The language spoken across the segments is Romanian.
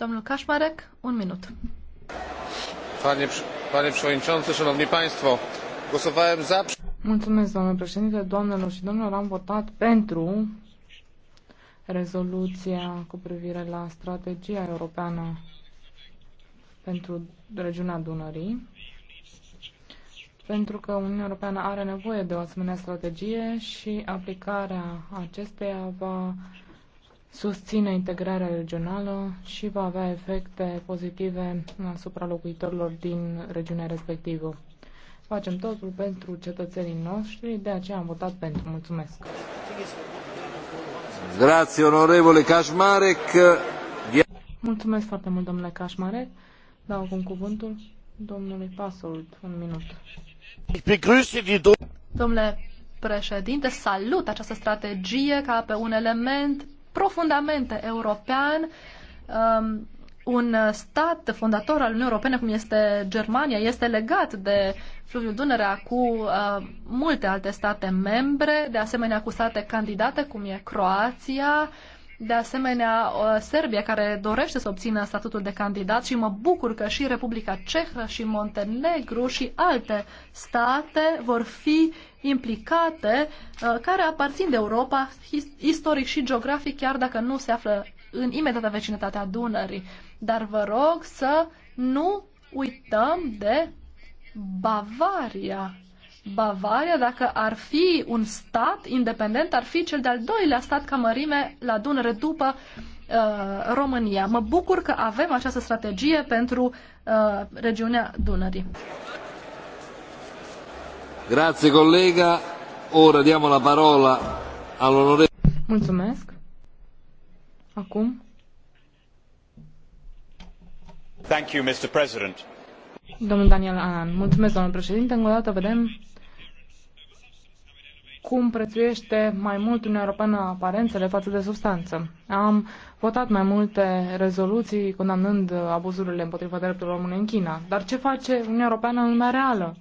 Domnul Kaszmarek, un minut. Panie, panie przewodniczący, szanowni państwo, głosowałem za... Mulțumesc, domnule președinte, doamnelor și domnilor, am votat pentru rezoluția cu privire la strategia europeană pentru regiunea Dunării, pentru că Uniunea Europeană are nevoie de o asemenea strategie și aplicarea acesteia va susține integrarea regională și va avea efecte pozitive asupra locuitorilor din regiunea respectivă. Facem totul pentru cetățenii noștri, de aceea am votat pentru. Mulțumesc! Grazie, onorevole Cașmarec! Mulțumesc foarte mult, domnule Cașmarec. Dau acum cuvântul domnului Pasolt, Un minut. Domnule președinte, salut această strategie ca pe un element profundamente european. Um, un stat fondator al Uniunii Europene, cum este Germania, este legat de fluviul Dunărea cu uh, multe alte state membre, de asemenea cu state candidate, cum e Croația, uh, de asemenea uh, Serbia, care dorește să obțină statutul de candidat și mă bucur că și Republica Cehă și Montenegru și alte state vor fi implicate, uh, care aparțin de Europa istoric și geografic, chiar dacă nu se află în imediată vecinătatea Dunării. Dar vă rog să nu uităm de Bavaria, Bavaria, dacă ar fi un stat independent, ar fi cel de-al doilea stat ca mărime la Dunăre după uh, România. Mă bucur că avem această strategie pentru uh, regiunea Dunării. Grazie, colega. Ora diamo la parola all'onorevole. Mulțumesc. Acum. Thank you, Mr. President. Domnul Daniel An, mulțumesc, domnul președinte. Încă o dată vedem cum prețuiește mai mult Uniunea Europeană aparențele față de substanță. Am votat mai multe rezoluții condamnând abuzurile împotriva drepturilor omului în China. Dar ce face Uniunea Europeană în lumea reală?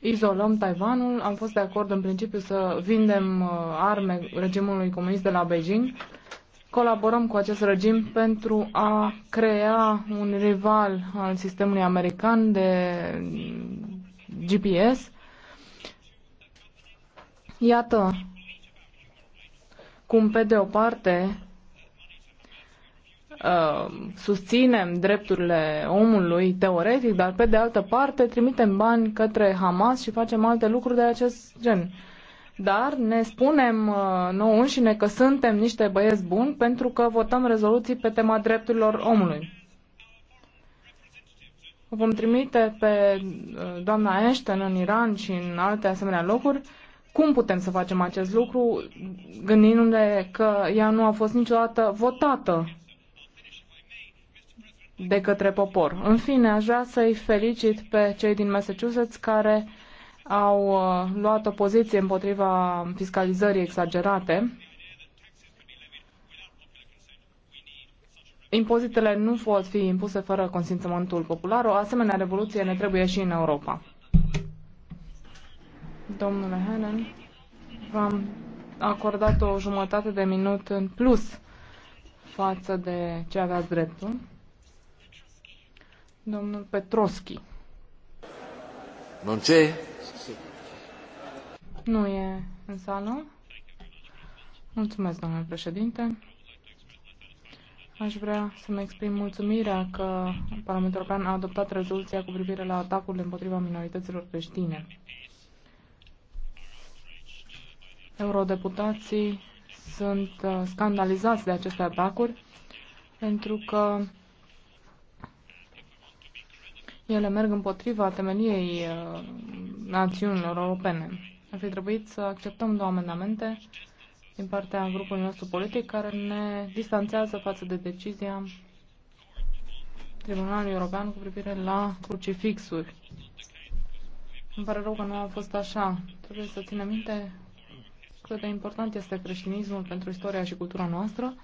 Izolăm Taiwanul, am fost de acord în principiu să vindem uh, arme regimului comunist de la Beijing, colaborăm cu acest regim pentru a crea un rival al sistemului american de GPS Iată cum, pe de o parte, uh, susținem drepturile omului teoretic, dar pe de altă parte trimitem bani către Hamas și facem alte lucruri de acest gen. Dar ne spunem uh, nouă înșine că suntem niște băieți buni pentru că votăm rezoluții pe tema drepturilor omului. Vom trimite pe uh, doamna Ashton în Iran și în alte asemenea locuri cum putem să facem acest lucru gândindu-ne că ea nu a fost niciodată votată de către popor? În fine, aș vrea să-i felicit pe cei din Massachusetts care au uh, luat o poziție împotriva fiscalizării exagerate. Impozitele nu pot fi impuse fără consimțământul popular. O asemenea revoluție ne trebuie și în Europa. Domnule Henen, v-am acordat o jumătate de minut în plus față de ce aveați dreptul. Domnul Petroschi. Non ce? Nu e în sală. Mulțumesc, domnule președinte. Aș vrea să-mi exprim mulțumirea că Parlamentul European a adoptat rezoluția cu privire la atacurile împotriva minorităților creștine eurodeputații sunt uh, scandalizați de aceste atacuri pentru că ele merg împotriva temeliei uh, națiunilor europene. Ar fi trebuit să acceptăm două amendamente din partea grupului nostru politic care ne distanțează față de decizia Tribunalului European cu privire la crucifixuri. Îmi pare rău că nu a fost așa. Trebuie să ținem minte cât de important este creștinismul pentru istoria și cultura noastră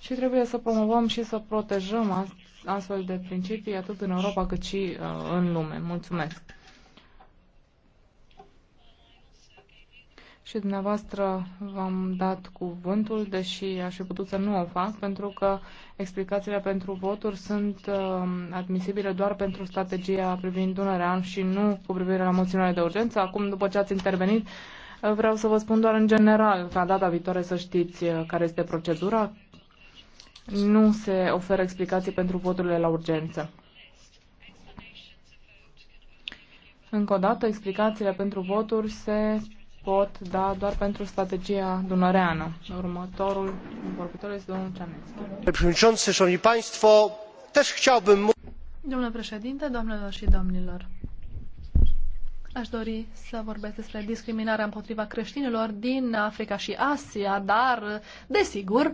și trebuie să promovăm și să protejăm astfel de principii atât în Europa cât și uh, în lume. Mulțumesc! și dumneavoastră v-am dat cuvântul, deși aș fi putut să nu o fac, pentru că explicațiile pentru voturi sunt uh, admisibile doar pentru strategia privind Dunărean și nu cu privire la moțiunile de urgență. Acum, după ce ați intervenit, Vreau să vă spun doar în general ca data viitoare să știți uh, care este procedura. Nu se oferă explicații pentru voturile la urgență. Încă o dată, explicațiile pentru voturi se pot da doar pentru strategia dunăreană. Următorul vorbitor este domnul Cianescu. Domnule președinte, doamnelor și domnilor, Aș dori să vorbesc despre discriminarea împotriva creștinilor din Africa și Asia, dar, desigur,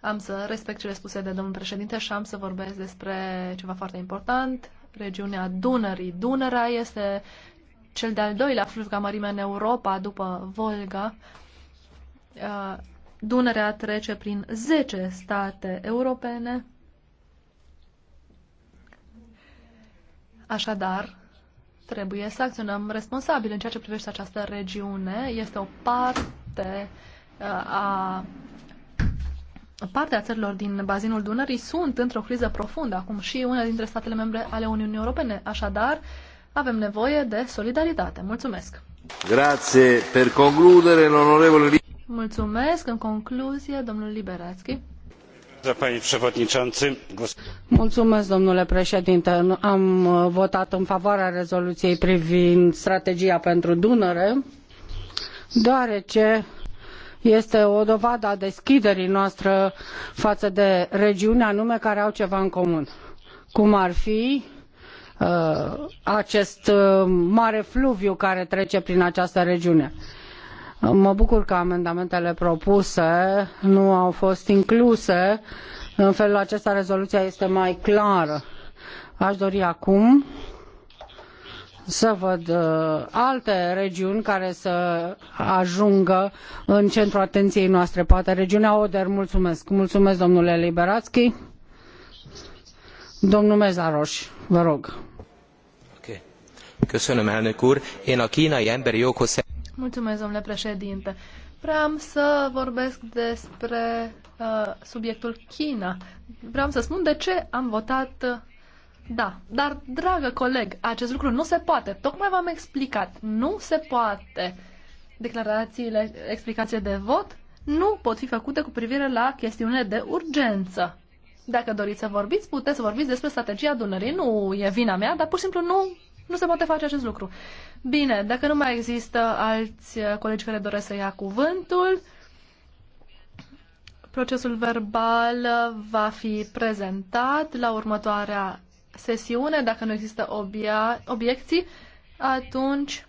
am să respect cele spuse de domnul președinte și am să vorbesc despre ceva foarte important, regiunea Dunării. Dunărea este cel de-al doilea fluviu ca mărime în Europa după Volga. Uh, Dunărea trece prin 10 state europene. Așadar, trebuie să acționăm responsabil în ceea ce privește această regiune. Este o parte uh, a partea țărilor din bazinul Dunării sunt într-o criză profundă acum și una dintre statele membre ale Uniunii Europene. Așadar, avem nevoie de solidaritate. Mulțumesc! Grazie per concludere, Mulțumesc. În concluzie, domnul Liberațchi. Mulțumesc, domnule președinte. Am uh, votat în favoarea rezoluției privind strategia pentru Dunăre, deoarece este o dovadă a deschiderii noastre față de regiuni anume care au ceva în comun, cum ar fi uh, acest uh, mare fluviu care trece prin această regiune. Mă bucur că amendamentele propuse nu au fost incluse. În felul acesta rezoluția este mai clară. Aș dori acum să văd uh, alte regiuni care să ajungă în centrul atenției noastre. Poate regiunea Oder, mulțumesc. Mulțumesc, domnule Liberațchi. Domnul Mezaroș, vă rog. Köszönöm, elnök úr. Én a kínai emberi joghoz Mulțumesc, domnule președinte. Vreau să vorbesc despre uh, subiectul China. Vreau să spun de ce am votat uh, da. Dar, dragă coleg, acest lucru nu se poate. Tocmai v-am explicat. Nu se poate. Declarațiile, explicațiile de vot nu pot fi făcute cu privire la chestiune de urgență. Dacă doriți să vorbiți, puteți să vorbiți despre strategia Dunării. Nu e vina mea, dar pur și simplu nu nu se poate face acest lucru. Bine, dacă nu mai există alți uh, colegi care doresc să ia cuvântul, procesul verbal uh, va fi prezentat la următoarea sesiune. Dacă nu există obia, obiecții, atunci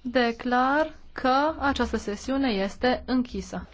declar că această sesiune este închisă.